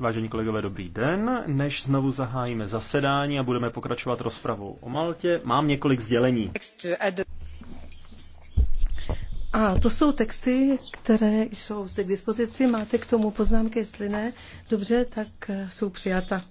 Vážení kolegové, dobrý den. Než znovu zahájíme zasedání a budeme pokračovat rozpravou o Maltě, mám několik sdělení. A to jsou texty, které jsou zde k dispozici. Máte k tomu poznámky, jestli ne? Dobře, tak eh, jsou přijata.